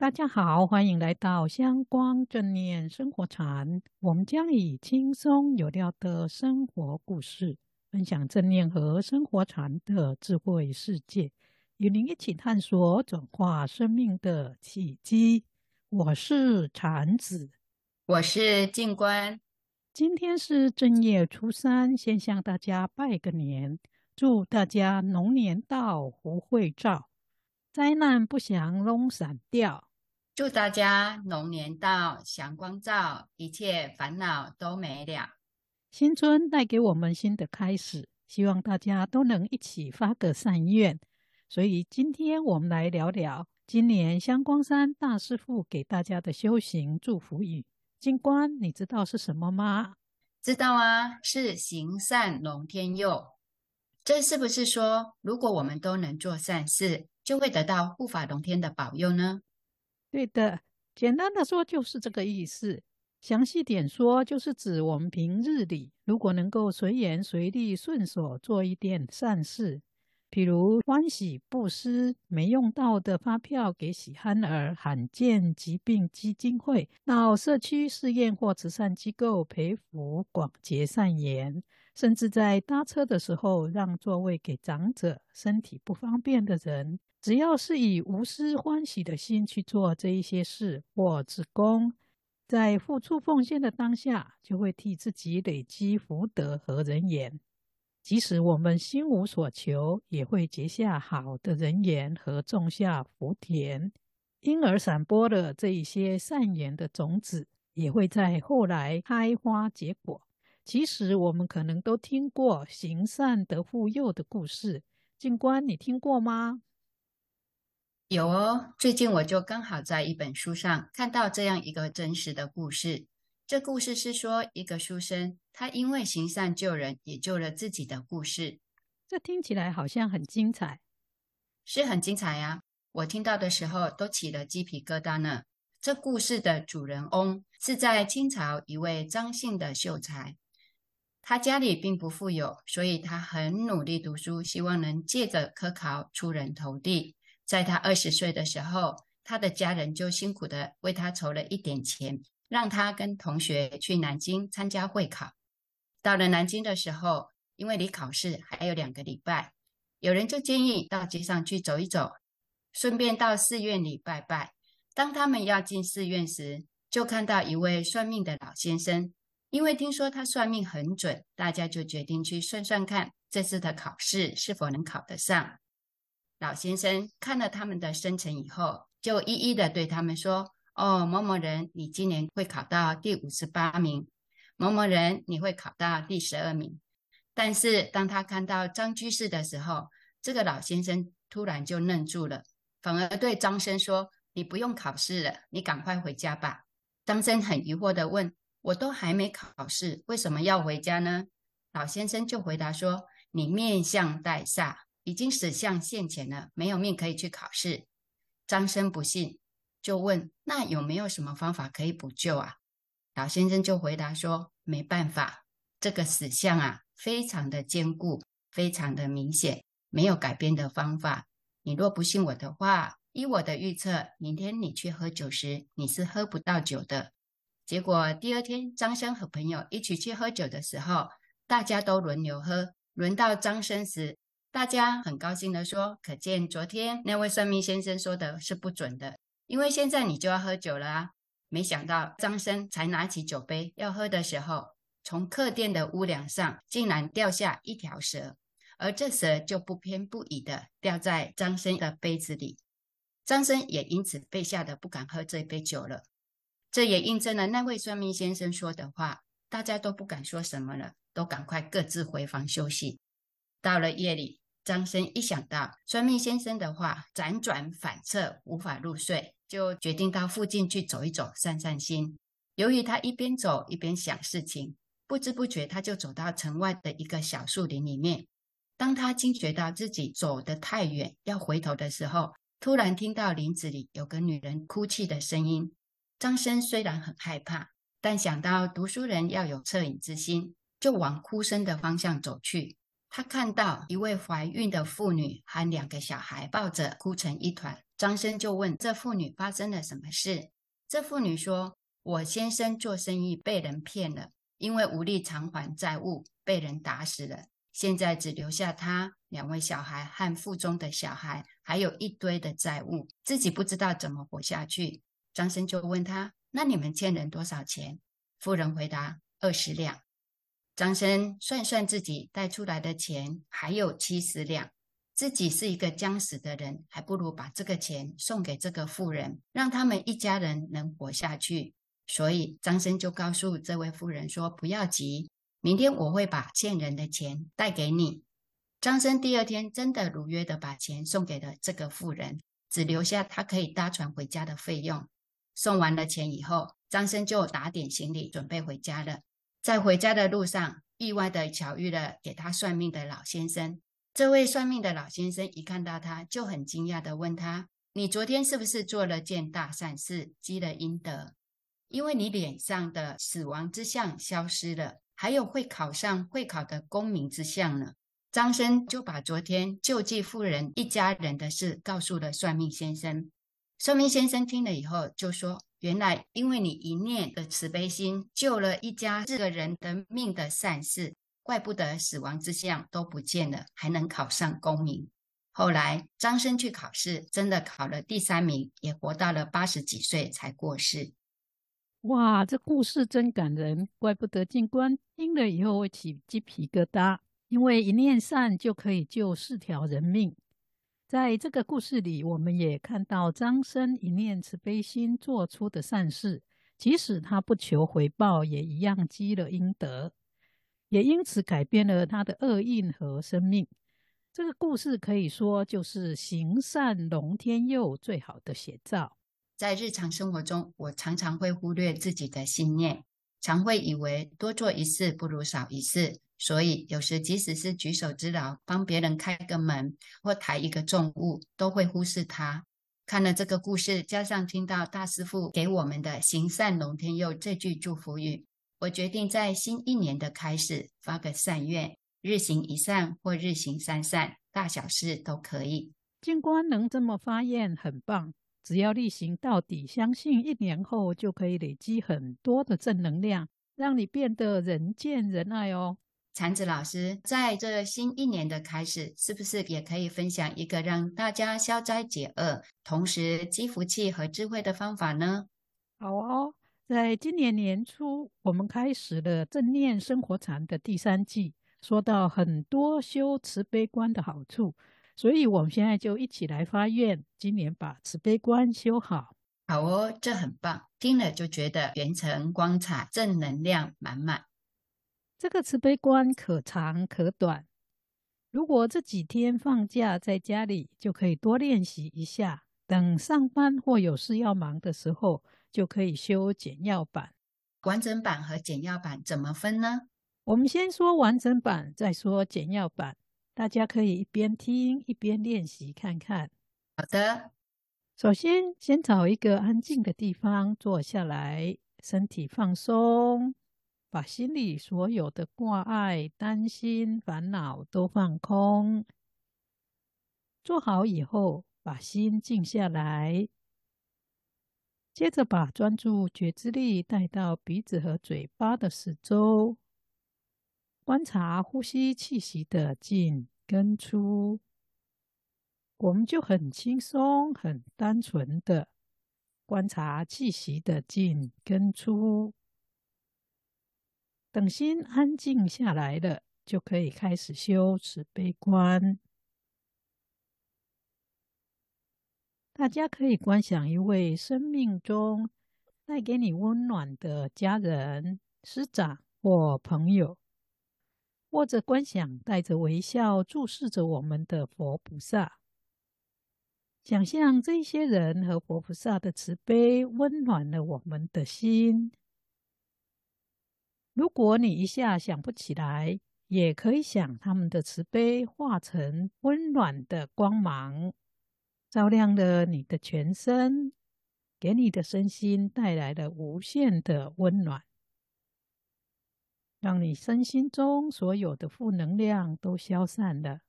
大家好，歡迎來到《香光正念生活禪》。我們將以輕鬆有料的生活故事，分享正念和生活禪的智慧世界，與您一起探索轉化生命的契機。我是禪子，我是靜觀。今天是正月初三，先向大家拜個年，祝大家龍年到，福會照，災難不祥攏閃掉。祝大家龍年到，祥光照，一切煩惱都沒了。新春帶給我們新的開始，希望大家都能一起發個善願。所以今天我們來聊聊今年香光山大師父給大家的修行祝福語。靜觀，你知道是什麼嗎？知道啊，是行善龍天佑。這是不是說，如果我們都能做善事，就會得到護法龍天的保佑呢？對的，簡單的說就是這個意思。詳細點說，就是指我們平日裡如果能夠隨緣隨力順手做一點善事，譬如歡喜布施沒用到的發票給喜憨兒罕見疾病基金會，到社區寺院或慈善機構培福廣結善緣，甚至在搭車的時候讓座位給長者、身體不方便的人。只要是以無私歡喜的心去做這一些事或志工，在付出奉獻的當下，就會替自己累積福德和人緣。即使我們心無所求，也會結下好的人緣和種下福田。因而散播了這一些善言的種子，也會在後來開花結果。其實我們可能都聽過行善得福佑的故事，靜觀，你聽過嗎？有哦，最近我就剛好在一本書上看到這樣一個真實的故事。這故事是說，一個書生他因為行善救人，也救了自己的故事。這聽起來好像很精彩，是很精彩呀、啊！我聽到的時候都起了雞皮疙瘩呢。這故事的主人翁是在清朝一位張姓的秀才，他家裡並不富有，所以他很努力讀書，希望能借着科考出人頭地。在他二十歲的時候，他的家人就辛苦地為他籌了一點錢，讓他跟同學去南京參加會考。到了南京的時候，因為離考試還有兩個禮拜，有人就建議到街上去走一走，順便到寺院裡拜拜。當他們要進寺院時，就看到一位算命的老先生，因為聽說他算命很準，大家就決定去算算看這次的考試是否能考得上。老先生看了他們的生辰以後，就一一的對他們說：“哦，某某人，你今年會考到第五十八名；某某人，你會考到第十二名。”但是當他看到張居士的時候，這個老先生突然就愣住了，反而對張生說：“你不用考試了，你趕快回家吧。”張生很疑惑的問：“我都還沒考試，為什麼要回家呢？”老先生就回答說：“你面相帶煞。”已經死相現前了，沒有命可以去考試。張生不信，就問：“那有沒有什麼方法可以補救啊？”老先生就回答說：“沒辦法，這個死相啊，非常的堅固，非常的明顯，沒有改變的方法。你若不信我的話，依我的預測，明天你去喝酒時，你是喝不到酒的。”結果第二天，張生和朋友一起去喝酒的時候，大家都輪流喝，輪到張生時，大家很高興地說，可見昨天那位算命先生說的是不準的，因為現在你就要喝酒了啊。沒想到張生才拿起酒杯要喝的時候，從客店的屋梁上竟然掉下一條蛇，而這蛇就不偏不倚的掉在張生的杯子裡。張生也因此被嚇得不敢喝這杯酒了。這也印證了那位算命先生說的話。大家都不敢說什麼了，都趕快各自回房休息。到了夜裡，張生一想到算命先生的話，輾轉反側，無法入睡，就決定到附近去走一走，散散心。由於他一邊走一邊想事情，不知不覺他就走到城外的一個小樹林裡面。當他驚覺到自己走得太遠，要回頭的時候，突然聽到林子裡有個女人哭泣的聲音。張生雖然很害怕，但想到讀書人要有惻隱之心，就往哭聲的方向走去。他看到一位懷孕的婦女和兩個小孩抱着哭成一團，張生就問這婦女發生了什麼事。這婦女說：“我先生做生意被人騙了，因為無力償還債務，被人打死了。現在只留下他兩位小孩和腹中的小孩，還有一堆的債務，自己不知道怎麼活下去。”張生就問他：“那你們欠人多少錢？”婦人回答：“二十兩。”張生算算自己帶出來的錢還有七十兩，自己是一個將死的人，還不如把這個錢送給這個婦人，讓他們一家人能活下去。所以張生就告訴這位婦人說：“不要急，明天我會把欠人的錢帶給你。”張生第二天真的如約的把錢送給了這個婦人，只留下他可以搭船回家的費用。送完了錢以後，張生就打點行李準備回家了。在回家的路上，意外的巧遇了給他算命的老先生。這位算命的老先生一看到他，就很驚訝的問他：“你昨天是不是做了件大善事，積了陰德？因為你臉上的死亡之相消失了，還有會考上會考的功名之相呢。”張生就把昨天救濟婦人一家人的事告訴了算命先生。算命先生聽了以後就說。原來，因為你一念的慈悲心救了一家四個人的命的善事，怪不得死亡之相都不見了，還能考上功名。後來張生去考試，真的考了第三名，也活到了八十幾歲才過世。哇，這故事真感人，怪不得進觀聽了以後會起雞皮疙瘩，因為一念善就可以救四條人命。在這個故事裡，我們也看到張生一念慈悲心做出的善事，即使他不求回報，也一樣積了陰德，也因此改變了他的惡運和生命。這個故事可以說就是行善龍天佑最好的寫照。在日常生活中，我常常會忽略自己的信念，常會以為多做一事不如少一事。所以有時即使是舉手之勞，幫別人開個門或抬一個重物，都會忽視他。看了這個故事，加上聽到大師父給我們的“行善龍天佑”這句祝福語，我決定在新一年的開始發個善願，日行一善或日行三善，大小事都可以。靜觀能這麼發願很棒，只要力行到底，相信一年後就可以累積很多的正能量，讓你變得人見人愛哦。禪子老師，在這新一年的開始，是不是也可以分享一個讓大家消災解厄，同時積福氣和智慧的方法呢？好哦，在今年年初，我們開始了正念生活禪的第三季，說到很多修慈悲觀的好處，所以我們現在就一起來發願，今年把慈悲觀修好。好哦，這很棒，聽了就覺得元辰光彩，正能量滿滿。這個慈悲觀可長可短。如果這幾天放假在家裡，就可以多練習一下。等上班或有事要忙的時候，就可以修簡要版。完整版和簡要版怎麼分呢？我們先說完整版，再說簡要版。大家可以一邊聽一邊練習看看。好的，首先先找一個安靜的地方坐下來，身體放鬆。把心裡所有的掛礙、擔心、煩惱都放空，做好以後，把心靜下來，接着把專注覺知力帶到鼻子和嘴巴的四周，觀察呼吸氣息的進跟出，我們就很輕鬆、很單純的觀察氣息的進跟出。等心安靜下來了，就可以開始修慈悲觀。大家可以觀想一位生命中帶給你溫暖的家人、師長或朋友，或者觀想帶着微笑注視着我們的佛菩薩。想象這些人和佛菩薩的慈悲，溫暖了我們的心。如果你一下想不起來，也可以想他們的慈悲化成溫暖的光芒，照亮了你的全身，給你的身心帶來了無限的溫暖，讓你身心中所有的負能量都消散了。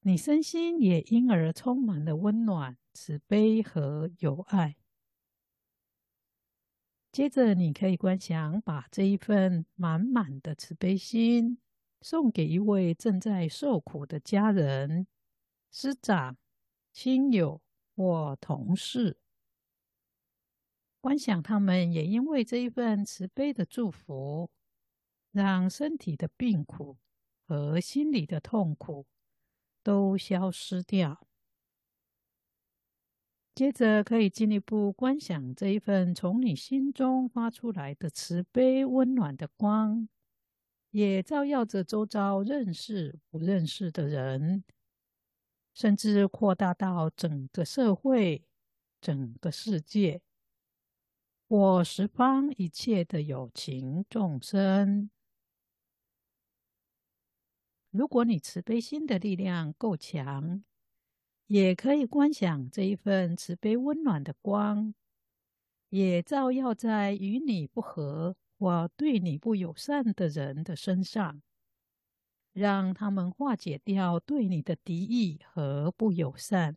你身心也因而充滿了溫暖、慈悲和友愛。接着，你可以觀想把這一份滿滿的慈悲心送給一位正在受苦的家人、師長、親友或同事。觀想他們也因為這一份慈悲的祝福，讓身體的病苦和心理的痛苦都消失掉。接着，可以進一步觀想這一份從你心中發出來的慈悲溫暖的光，也照耀着周遭認識不認識的人，甚至擴大到整個社會、整個世界，我十方一切的有情眾生。如果你慈悲心的力量夠強，也可以觀想這一份慈悲溫暖的光，也照耀在與你不和或對你不友善的人的身上，讓他們化解掉對你的敵意和不友善。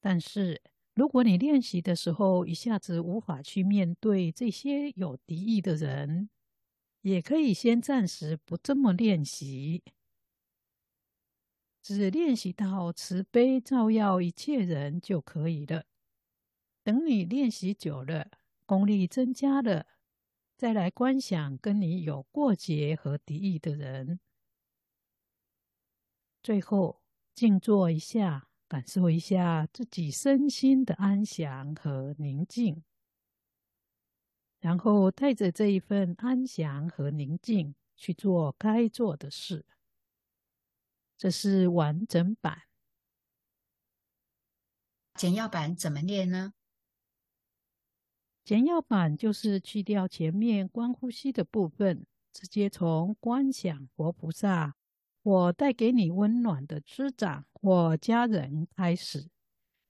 但是，如果你練習的時候一下子無法去面對這些有敵意的人，也可以先暫時不這麼練習。只練習到慈悲照耀一切人就可以了。等你練習久了，功力增加了，再來觀想跟你有過節和敵意的人。最後靜坐一下，感受一下自己身心的安詳和寧靜，然後帶着這一份安詳和寧靜去做該做的事。這是完整版，簡要版怎麼練呢？簡要版就是去掉前面觀呼吸的部分，直接從觀想佛菩薩，我帶給你溫暖的師長或家人開始，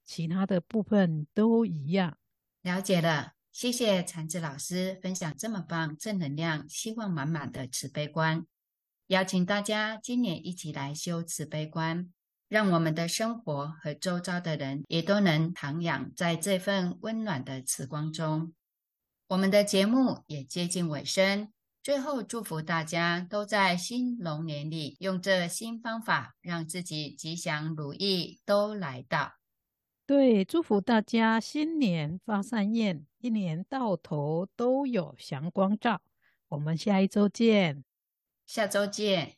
其他的部分都一樣。了解了，謝謝禪子老師分享這麼棒、正能量、希望滿滿的慈悲觀。邀請大家今年一起來修慈悲觀，讓我們的生活和周遭的人也都能徜徉在這份溫暖的慈光中。我們的節目也接近尾聲，最後祝福大家都在新龍年裡用這新方法，讓自己吉祥如意都來到。對，祝福大家新年發善願，一年到頭都有祥光照。我們下一周見。下周見。